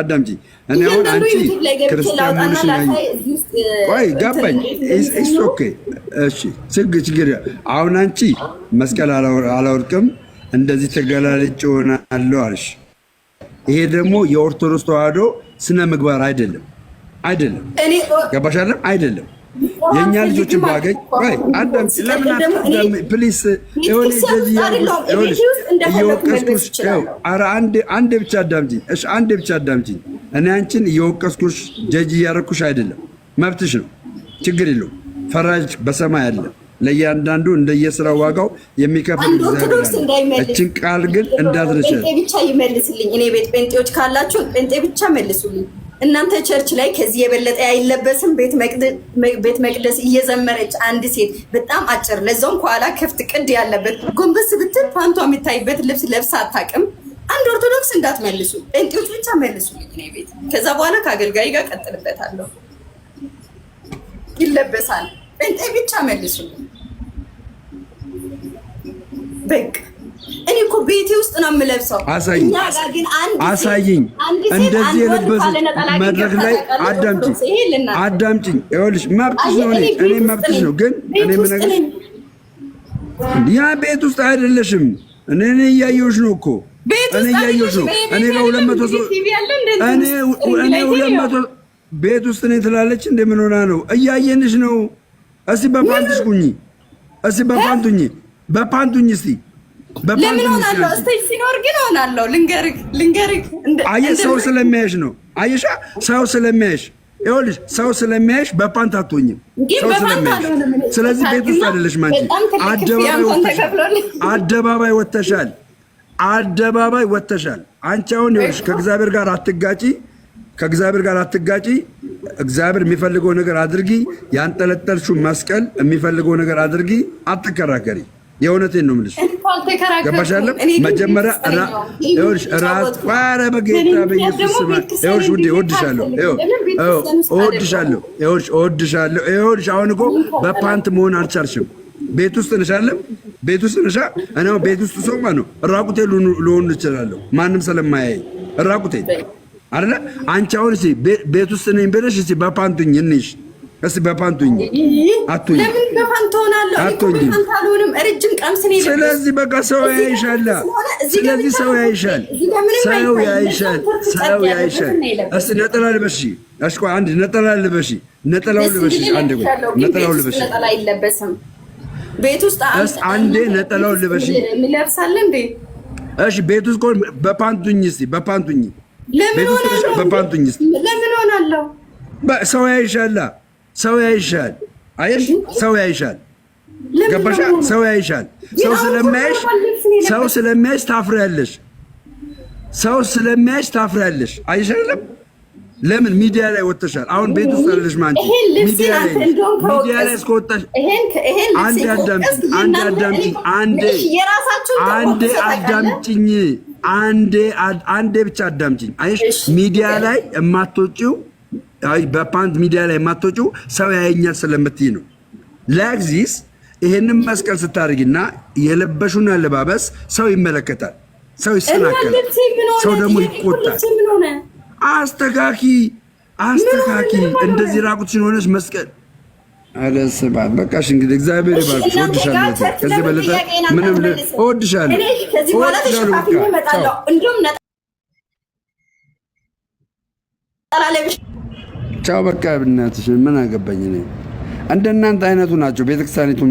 አዳምጪ እኔ አሁን አንቺ ክርስቲያን መሆንሽ ቆይ ገባኝ። ኢስ ኦኬ እሺ፣ ችግር አሁን አንቺ መስቀል አላወርቅም እንደዚህ ተገላለጭ ሆናለሁ አልሽ። ይሄ ደግሞ የኦርቶዶክስ ተዋህዶ ስነ ምግባር አይደለም፣ አይደለም ገባሻለም፣ አይደለም የእኛ ልጆችን ባገኝ ፕሊስ እየወቀስኩሽ ኧረ አንዴ ብቻ አዳምጪኝ፣ እሺ አንዴ ብቻ አዳምጪኝ። እኔ አንቺን እየወቀስኩሽ ጀጅ እያደረኩሽ አይደለም፣ መብትሽ ነው፣ ችግር የለው። ፈራጅ በሰማይ አለ፣ ለእያንዳንዱ እንደየስራ ዋጋው የሚከፍል እችን ቃል ግን እንዳትረሻል። ብቻ ይመልስልኝ። እኔ ቤት ጴንጤዎች ካላችሁ ጴንጤ ብቻ መልሱልኝ። እናንተ ቸርች ላይ ከዚህ የበለጠ አይለበስም። ቤት መቅደስ እየዘመረች አንድ ሴት በጣም አጭር፣ ለዛውም ከኋላ ክፍት ቅድ ያለበት ጎንበስ ብትል ፓንቷ የሚታይበት ልብስ ለብሳ አታውቅም። አንድ ኦርቶዶክስ እንዳትመልሱ፣ ጴንጤዎች ብቻ መልሱ ቤት። ከዛ በኋላ ከአገልጋይ ጋር ቀጥልበታለሁ። ይለበሳል ጴንጤ ብቻ መልሱ በቃ እኮ ቤቴ ውስጥ ነው የምለብሰው። አሳይኝ አሳይኝ። እንደዚህ የለበሰች መድረክ ላይ አዳምጪኝ፣ አዳምጪኝ። ይኸውልሽ መብትሽ ነው፣ እኔ መብትሽ ነው። ግን እኔ የምነግርሽ ያ ቤት ውስጥ አይደለሽም። እኔ እኔ እያየሁሽ ነው እኮ እኔ እያየሁሽ ነው። እኔ ከሁለት መቶ ሰው እኔ ሁለት መቶ ቤት ውስጥ እኔ ትላለች። እንደምን ሆና ነው? እያየንሽ ነው። እስኪ በፓንትሽ ቁኝ፣ እስኪ በፓንቱኝ፣ በፓንቱኝ እስኪ ለምን ሆናለሁ? ስቴጅ ሲኖር ግን ሆናለሁ። ልንገርህ ልንገርህ፣ አየህ፣ ሰው ስለሚያየሽ ነው። አየሻ፣ ሰው ስለሚያየሽ ይኸውልሽ፣ ሰው ስለሚያየሽ በፓንት አትሆኝም። ስለዚህ ቤት ውስጥ አይደለሽም አንቺ፣ አደባባይ ወተሻል። አደባባይ ወተሻል። አንቺ አሁን ይኸውልሽ፣ ከእግዚአብሔር ጋር አትጋጪ፣ ከእግዚአብሔር ጋር አትጋጪ። እግዚአብሔር የሚፈልገው ነገር አድርጊ። ያንጠለጠልሽው መስቀል የሚፈልገው ነገር አድርጊ። አትከራከሪ። የእውነቴን ነው የምልሽ። ገባሻለም መጀመሪያ ይኸውልሽ፣ ቋረ በጌታ በኢየሱስ ስማ፣ ይኸውልሽ ውዴ፣ እወድሻለሁ፣ እወድሻለሁ፣ እወድሻለሁ። ይኸውልሽ አሁን እኮ በፓንት መሆን አልቻልሽም። ቤት ውስጥ ነሽ አይደለም? ቤት ውስጥ ነሽ። እኔ ቤት ውስጥ ሰው ማለት ነው ራቁቴ ልሆን እችላለሁ፣ ማንም ስለማያይ ራቁቴ አይደለ? አንቺ አሁን ቤት ውስጥ ነኝ ብለሽ በፓንት በፓንቱኝ እንሽ እስቲ በፓንቱኝ አቱኝ ለምን በፓንት ትሆናለህ? አቱኝ አልሆንም። ረጅም ቀምስ ነው። ስለዚህ በቃ ሰው ያይሻል። ስለዚህ ሰው ያይሻል። ሰው ያይሻል። ሰው ያይሻል። እስ ነጠላ ልበሽ። እሺ ቆይ አንድ ነጠላ ልበሽ። ነጠላው ልበሽ። አንድ ቆይ ነጠላው ልበሽ። ነጠላ አይለበስም ቤት ውስጥ። እስ አንዴ ነጠላው ልበሽ። እንለብሳለን እንዴ? እሺ ቤት ውስጥ ቆይ በፓንቱኝ እስቲ በፓንቱኝ ለምን ሆናለሁ? ለምን ሆናለሁ? ሰው ያይሻል ሰው ያይሻል። አየሽ፣ ሰው ያይሻል። ገባሻ? ሰው ያይሻል። ሰው ስለሚያይሽ ሰው ስለሚያይሽ ታፍሪያለሽ። ሰው ስለሚያይሽ ታፍሪያለሽ። አየሽ አይደለም? ለምን ሚዲያ ላይ ወጥተሻል? አሁን ቤት ውስጥ ያለሽ ማን ሚዲያ ላይ ሚዲያ ላይ እስከወጣሽ አንድ አዳምጪኝ፣ አንድ አዳምጪኝ፣ አንዴ አንዴ አዳምጪኝ፣ አንዴ አንዴ ብቻ አዳምጪኝ። አይሽ ሚዲያ ላይ የማትወጪው በፓንት ሚዲያ ላይ የማትወጪው ሰው ያየኛል ስለምትይ ነው። ለግዚስ ይሄንን መስቀል ስታደርጊና የለበሹን አለባበስ ሰው ይመለከታል፣ ሰው ይሰናከላል፣ ሰው ደግሞ ይቆጣል። አስተካኪ አስተካኪ እንደዚህ ራቁት ሆነሽ መስቀል አለስባት በቃሽ። እንግዲህ እግዚአብሔር ይባርክሽ። እወድሻለሁ። ከዚህ በለጠ ምንም እወድሻለሁ። እወድሻለሁ። ቻው በቃ ብናትሽ ምን አገባኝ እኔ እንደናንተ አይነቱ ናቸው ቤተክርስቲያኒቱ